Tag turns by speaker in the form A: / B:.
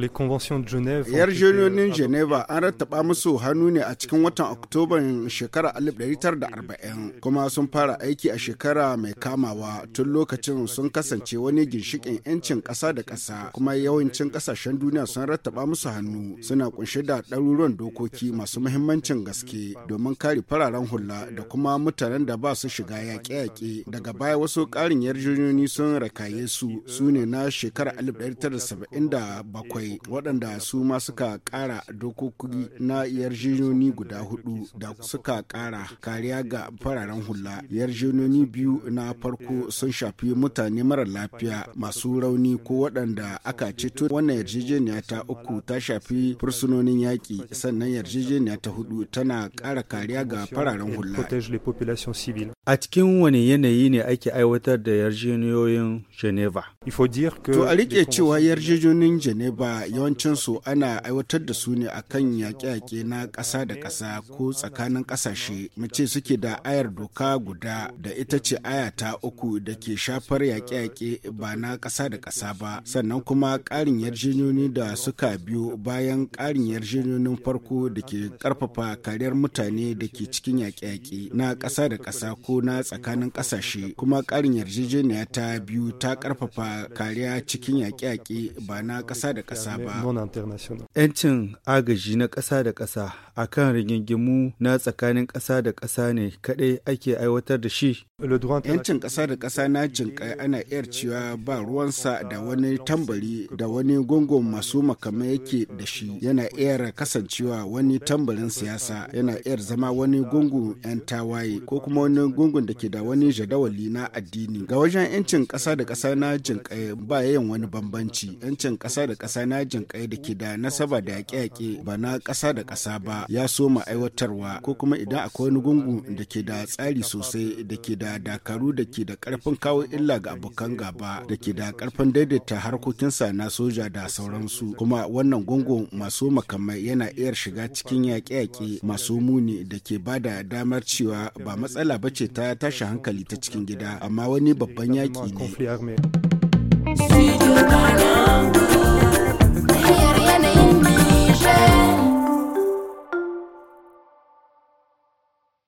A: yar yarjejeniyoyin
B: geneva euh, an rattaba musu hannu ne a cikin watan oktoba shekara 1940 kuma sun fara aiki a shekara mai kamawa tun lokacin sun kasance wani ginshikin 'yancin ƙasa da ƙasa kuma yawancin ƙasashen duniya sun rattaba musu hannu suna kunshe da ɗaruruwan dokoki masu muhimmancin gaske domin kare fararen hula da kuma mutanen da ba su shiga yaƙe-yaƙe daga baya wasu ƙarin yarjejeniyoyi sun rakaye su su ne na shekara 1977 kare waɗanda su ma suka ƙara dokoki na yarjejoni guda hudu da suka ƙara kariya ga fararen hula yarjejoni biyu na farko sun shafi mutane mara lafiya masu rauni ko waɗanda aka ceto wannan yarjejeniya ta uku ta shafi fursunonin yaƙi sannan yarjejeniya ta hudu tana ƙara kariya ga fararen hula
A: a cikin wani yanayi ne ake aiwatar da yarjejeniyoyin geneva to a rike cewa
B: yarjejeniyoyin geneva yawancinsu ana aiwatar da su ne akan yaƙe-yaƙe na ƙasa da ƙasa ko tsakanin ƙasashe mace suke da ayar doka guda da ita ce aya ta uku da ke shafar yaƙe-yaƙe ba na ƙasa da ƙasa ba sannan kuma ƙarin yarjejeniyoyi da suka biyo bayan ƙarin yarjejeniyoyin farko da ke ƙarfafa kariyar mutane da ke cikin yaƙe-yaƙe na ƙasa da ƙasa ko na tsakanin ƙasashe kuma ƙarin yarjejeniya ta biyu ta ƙarfafa kariya cikin yaƙe-yaƙe ba na ƙasa da ƙasa ƙasa ba.
A: 'Yancin agaji na ƙasa da ƙasa a kan rigingimu na tsakanin ƙasa da ƙasa ne kaɗai ake aiwatar da shi. 'Yancin ƙasa
B: da ƙasa na jinƙai ana iya cewa ba ruwansa da wani tambari da wani gungun masu makama yake da shi yana iya kasancewa wani tambarin siyasa yana iya zama wani gungun 'yan tawaye ko kuma wani gungun da ke da wani jadawali na addini. Ga wajen 'yancin ƙasa da ƙasa na jinƙai ba yin wani bambanci. 'Yancin ƙasa da ƙasa na na kai da ke da nasaba da yaƙe-yaƙe ba na ƙasa da ƙasa ba ya so mu aiwatarwa ko kuma idan akwai wani gungu da ke da tsari sosai da ke da dakaru da ke da ƙarfin kawo illa ga abokan gaba da ke da ƙarfin daidaita harkokinsa na soja da sauransu kuma wannan gungu masu makamai yana iya shiga cikin yaƙe-yaƙe masu muni da ke ba da damar cewa ba matsala ba ce ta tashi hankali ta cikin gida amma wani babban
A: yaƙi ne.